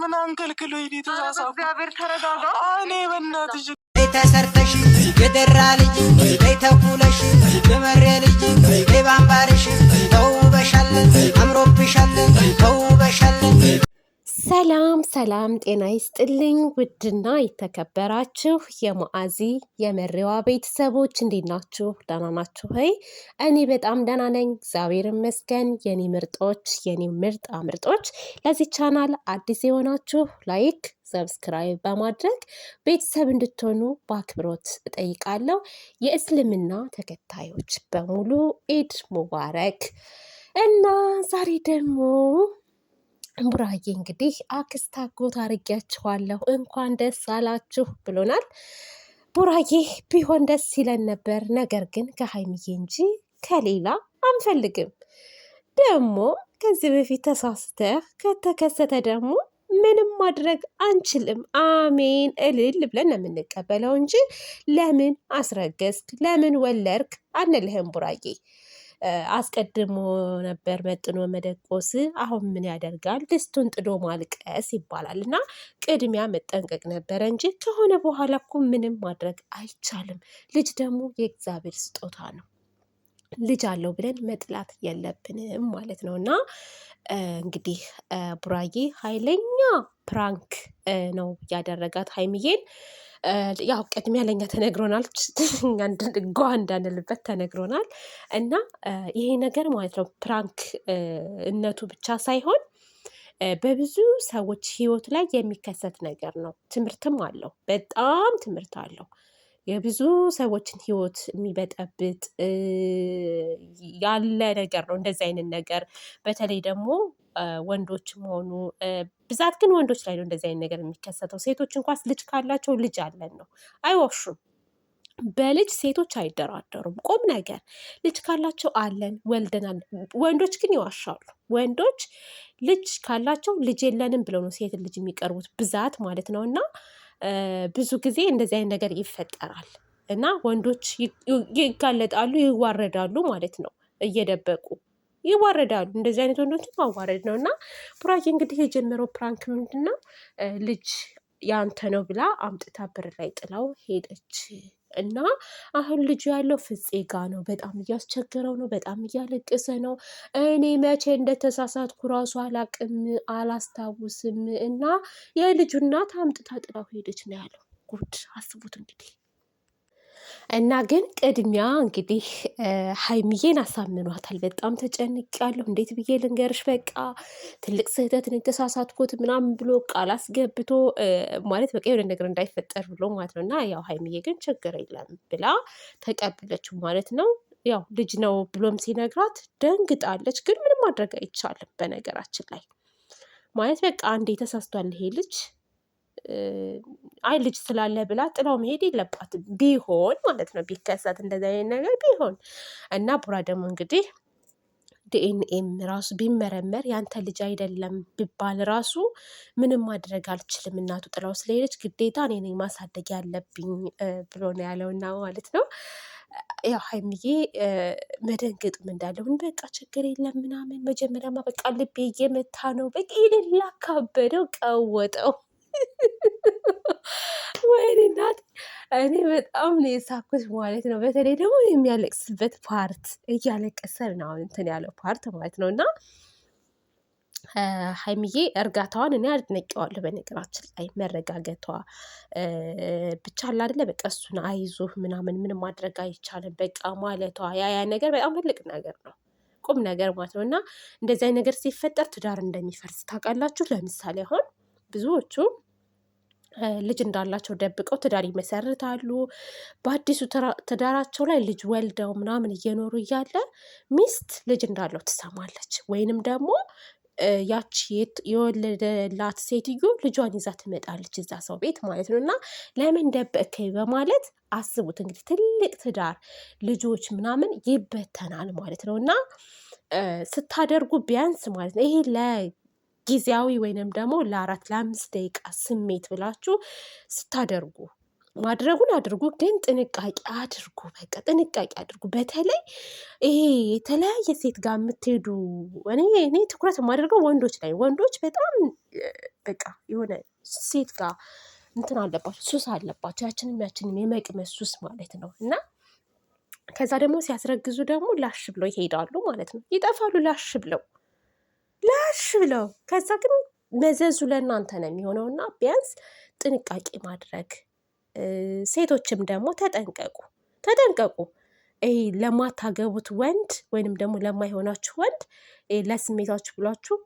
ምን አንከልክሎኝ ተሳሳኩ። እግዚአብሔር ተረጋጋ። እኔ በእናትሽ ተሰርተሽ የደራ ልጅ ተኩለሽ የመሬ ልጅ ባምባርሽ ተውበሻለን፣ አምሮብሻለን፣ ተውበሻለን ሰላም ሰላም፣ ጤና ይስጥልኝ ውድና የተከበራችሁ የማዓዚ የመሪዋ ቤተሰቦች እንዴት ናችሁ? ደህና ናችሁ ወይ? እኔ በጣም ደህና ነኝ፣ እግዚአብሔር ይመስገን። የኔ ምርጦች፣ የኔ ምርጣ ምርጦች፣ ለዚህ ቻናል አዲስ የሆናችሁ ላይክ ሰብስክራይብ በማድረግ ቤተሰብ እንድትሆኑ በአክብሮት እጠይቃለሁ። የእስልምና ተከታዮች በሙሉ ኢድ ሙባረክ እና ዛሬ ደግሞ ቡራዬ እንግዲህ አክስት አጎት አድርጌያችኋለሁ እንኳን ደስ አላችሁ ብሎናል። ቡራዬ ቢሆን ደስ ይለን ነበር፣ ነገር ግን ከሀይሚዬ እንጂ ከሌላ አንፈልግም። ደግሞ ከዚህ በፊት ተሳስተህ ከተከሰተ ደግሞ ምንም ማድረግ አንችልም። አሜን እልል ብለን ነው የምንቀበለው እንጂ ለምን አስረገዝክ ለምን ወለድክ አንልህም ቡራዬ። አስቀድሞ ነበር መጥኖ መደቆስ፣ አሁን ምን ያደርጋል ድስቱን ጥዶ ማልቀስ ይባላል። እና ቅድሚያ መጠንቀቅ ነበረ እንጂ ከሆነ በኋላ እኮ ምንም ማድረግ አይቻልም። ልጅ ደግሞ የእግዚአብሔር ስጦታ ነው። ልጅ አለው ብለን መጥላት የለብንም ማለት ነው። እና እንግዲህ ቡራዬ ኃይለኛ ፕራንክ ነው ያደረጋት ሀይሚዬን። ያው ቅድሚያ ለኛ ተነግሮናል፣ ጓ እንዳንልበት ተነግሮናል። እና ይሄ ነገር ማለት ነው ፕራንክ እነቱ ብቻ ሳይሆን በብዙ ሰዎች ህይወት ላይ የሚከሰት ነገር ነው። ትምህርትም አለው፣ በጣም ትምህርት አለው። የብዙ ሰዎችን ህይወት የሚበጠብጥ ያለ ነገር ነው። እንደዚህ አይነት ነገር በተለይ ደግሞ ወንዶች ሆኑ ብዛት ግን ወንዶች ላይ ነው እንደዚህ አይነት ነገር የሚከሰተው። ሴቶች እንኳን ልጅ ካላቸው ልጅ አለን ነው አይወሹም። በልጅ ሴቶች አይደራደሩም። ቁም ነገር ልጅ ካላቸው አለን ወልደናል። ወንዶች ግን ይዋሻሉ። ወንዶች ልጅ ካላቸው ልጅ የለንም ብለው ነው ሴት ልጅ የሚቀርቡት ብዛት ማለት ነው እና ብዙ ጊዜ እንደዚህ አይነት ነገር ይፈጠራል እና ወንዶች ይጋለጣሉ፣ ይዋረዳሉ ማለት ነው። እየደበቁ ይዋረዳሉ። እንደዚህ አይነት ወንዶች ማዋረድ ነው እና ቡራኬ እንግዲህ የጀመረው ፕራንክ ምንድን ነው? ልጅ ያንተ ነው ብላ አምጥታ በር ላይ ጥላው ሄደች። እና አሁን ልጁ ያለው ፍፄ ጋ ነው። በጣም እያስቸገረው ነው። በጣም እያለቀሰ ነው። እኔ መቼ እንደተሳሳትኩ ራሱ አላቅም፣ አላስታውስም እና የልጁ እናት አምጥታ ጥላው ሄደች ነው ያለው። ጉድ አስቡት እንግዲህ። እና ግን ቅድሚያ እንግዲህ ሀይሚዬን አሳምኗታል። በጣም ተጨንቄያለሁ፣ እንዴት ብዬ ልንገርሽ፣ በቃ ትልቅ ስህተት ነው የተሳሳትኩት ምናምን ብሎ ቃል አስገብቶ ማለት በቃ የሆነ ነገር እንዳይፈጠር ብሎ ማለት ነው። እና ያው ሀይሚዬ ግን ችግር የለም ብላ ተቀብለችው ማለት ነው። ያው ልጅ ነው ብሎም ሲነግራት ደንግጣለች፣ ግን ምንም ማድረግ አይቻልም። በነገራችን ላይ ማለት በቃ አንዴ ተሳስቷል ይሄ ልጅ አይ ልጅ ስላለ ብላ ጥላው መሄድ የለባትም። ቢሆን ማለት ነው ቢከሰት እንደዚህ አይነት ነገር ቢሆን እና ቡራ ደግሞ እንግዲህ ዲኤንኤም ራሱ ቢመረመር ያንተ ልጅ አይደለም ቢባል ራሱ ምንም ማድረግ አልችልም፣ እናቱ ጥላው ስለሄደች ግዴታ እኔ ነኝ ማሳደግ ያለብኝ ብሎ ነው ያለውና ማለት ነው። ያው ሀይሚዬ መደንገጡም እንዳለሁን በቃ ችግር የለም ምናምን መጀመሪያማ በቃ ልቤ እየመታ ነው በቃ የሌላ ካበደው ቀወጠው ወይኔ እናት እኔ በጣም ነው የሳኩት ማለት ነው። በተለይ ደግሞ የሚያለቅስበት ፓርት እያለቀሰ ነው አሁን እንትን ያለው ፓርት ማለት ነው እና ሀይሚዬ እርጋታዋን እኔ አድነቀዋለሁ። በነገራችን ላይ መረጋገቷ ብቻ አለ በቃ እሱን አይዞህ ምናምን ምንም ማድረግ አይቻልም በቃ ማለቷ ያ ያ ነገር በጣም ትልቅ ነገር ነው፣ ቁም ነገር ማለት ነው እና እንደዚህ ነገር ሲፈጠር ትዳር እንደሚፈርስ ታውቃላችሁ። ለምሳሌ አሁን ብዙዎቹ ልጅ እንዳላቸው ደብቀው ትዳር ይመሰርታሉ። በአዲሱ ትዳራቸው ላይ ልጅ ወልደው ምናምን እየኖሩ እያለ ሚስት ልጅ እንዳለው ትሰማለች ወይንም ደግሞ ያቺ የወለደላት ሴትዮ ልጇን ይዛ ትመጣለች እዛ ሰው ቤት ማለት ነው። እና ለምን ደበቅከኝ በማለት አስቡት እንግዲህ ትልቅ ትዳር ልጆች ምናምን ይበተናል ማለት ነው። እና ስታደርጉ ቢያንስ ማለት ነው ይሄ ጊዜያዊ ወይንም ደግሞ ለአራት ለአምስት ደቂቃ ስሜት ብላችሁ ስታደርጉ ማድረጉን አድርጉ፣ ግን ጥንቃቄ አድርጉ። በቃ ጥንቃቄ አድርጉ። በተለይ ይሄ የተለያየ ሴት ጋር የምትሄዱ እኔ እኔ ትኩረት የማደርገው ወንዶች ላይ ወንዶች በጣም በቃ የሆነ ሴት ጋር እንትን አለባቸው፣ ሱስ አለባቸው። ያችንም ያችንም የመቅመስ ሱስ ማለት ነው እና ከዛ ደግሞ ሲያስረግዙ ደግሞ ላሽ ብለው ይሄዳሉ ማለት ነው። ይጠፋሉ ላሽ ብለው ላሽ ብለው ከዛ ግን መዘዙ ለእናንተ ነው የሚሆነው እና ቢያንስ ጥንቃቄ ማድረግ ሴቶችም ደግሞ ተጠንቀቁ ተጠንቀቁ ይሄ ለማታገቡት ወንድ ወይንም ደግሞ ለማይሆናችሁ ወንድ ለስሜታችሁ ብሏችሁ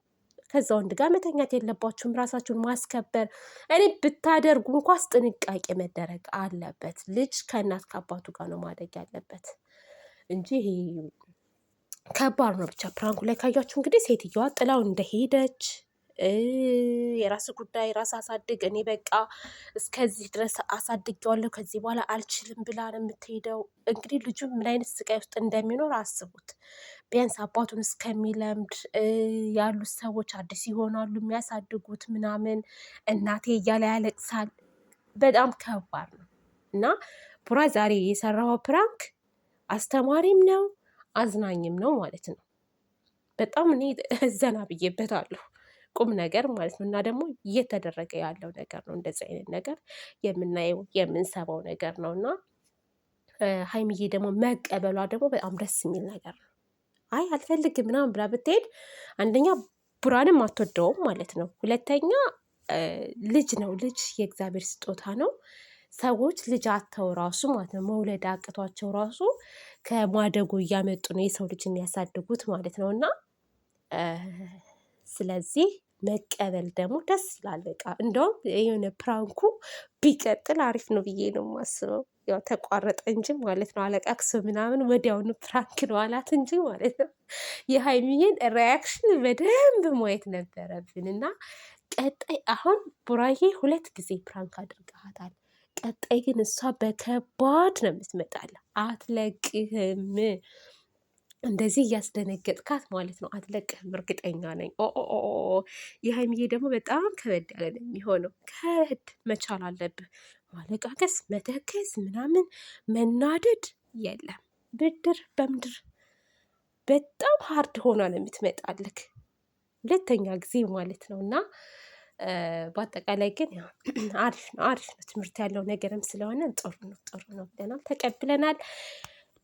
ከዛ ወንድ ጋር መተኛት የለባችሁም። ራሳችሁን ማስከበር እኔ ብታደርጉ እንኳስ ጥንቃቄ መደረግ አለበት። ልጅ ከእናት ከአባቱ ጋር ነው ማደግ ያለበት እንጂ ከባድ ነው። ብቻ ፕራንኩ ላይ ካያችሁ እንግዲህ ሴትዮዋ ጥላው እንደሄደች የራስ ጉዳይ ራስ አሳድግ፣ እኔ በቃ እስከዚህ ድረስ አሳድጌዋለሁ ከዚህ በኋላ አልችልም ብላ ነው የምትሄደው። እንግዲህ ልጁ ምን አይነት ስቃይ ውስጥ እንደሚኖር አስቡት። ቢያንስ አባቱን እስከሚለምድ ያሉት ሰዎች አዲስ ይሆናሉ የሚያሳድጉት ምናምን፣ እናቴ እያለ ያለቅሳል። በጣም ከባድ ነው እና ቡራ ዛሬ የሰራው ፕራንክ አስተማሪም ነው አዝናኝም ነው ማለት ነው። በጣም እኔ ዘና ብዬበታለሁ። ቁም ነገር ማለት ነው እና ደግሞ እየተደረገ ያለው ነገር ነው። እንደዚህ አይነት ነገር የምናየው የምንሰባው ነገር ነው እና ሀይሚዬ ደግሞ መቀበሏ ደግሞ በጣም ደስ የሚል ነገር ነው። አይ አልፈልግም ምናምን ብላ ብትሄድ አንደኛ ቡራንም አትወደውም ማለት ነው። ሁለተኛ ልጅ ነው። ልጅ የእግዚአብሔር ስጦታ ነው። ሰዎች ልጅ አተው ራሱ ማለት ነው መውለድ አቅቷቸው ራሱ ከማደጎ እያመጡ ነው የሰው ልጅ የሚያሳድጉት ማለት ነው። እና ስለዚህ መቀበል ደግሞ ደስ ይላል። በቃ እንደውም የሆነ ፕራንኩ ቢቀጥል አሪፍ ነው ብዬ ነው የማስበው። ያው ተቋረጠ እንጂ ማለት ነው። አለቃ ምናምን ወዲያውኑ ፕራንክ ነው አላት እንጂ ማለት ነው። የሀይሚዬን ሪያክሽን በደንብ ማየት ነበረብን እና ቀጣይ አሁን ቡራዬ ሁለት ጊዜ ፕራንክ አድርገሃታል። ቀጣይ ግን እሷ በከባድ ነው የምትመጣለ። አትለቅህም። እንደዚህ እያስደነገጥካት ማለት ነው። አትለቅህም፣ እርግጠኛ ነኝ። የሀይሚዬ ደግሞ በጣም ከበድ ያለ ነው የሚሆነው። ከህድ መቻል አለብህ። ማለቃቀስ፣ መተከስ ምናምን መናደድ የለም። ብድር በምድር በጣም ሀርድ ሆኗ ነው የምትመጣልክ ሁለተኛ ጊዜ ማለት ነው እና በአጠቃላይ ግን ያው አሪፍ ነው አሪፍ ነው። ትምህርት ያለው ነገርም ስለሆነ ጥሩ ነው ጥሩ ነው ብለናል፣ ተቀብለናል።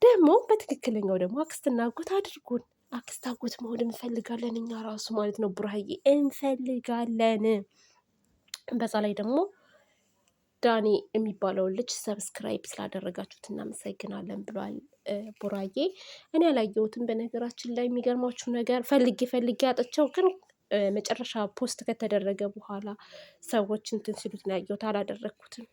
ደግሞ በትክክለኛው ደግሞ አክስትና አጎት አድርጉን። አክስት አጎት መሆን እንፈልጋለን እኛ ራሱ ማለት ነው ቡራዬ እንፈልጋለን። በዛ ላይ ደግሞ ዳኒ የሚባለውን ልጅ ሰብስክራይብ ስላደረጋችሁት እናመሰግናለን ብሏል ቡራዬ። እኔ ያላየሁትም በነገራችን ላይ የሚገርማችሁ ነገር ፈልጌ ፈልጌ አጥቼው ግን መጨረሻ ፖስት ከተደረገ በኋላ ሰዎች እንትን ሲሉት ነው ያየሁት። አላደረግኩትም።